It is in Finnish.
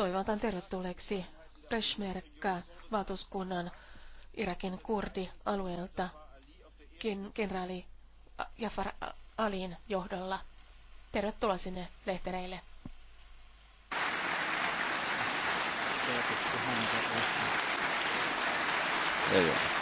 toivotan tervetulleeksi Peshmerga valtuuskunnan Irakin kurdialueelta kenraali Jafar Alin johdolla. Tervetuloa sinne lehtereille. Thank you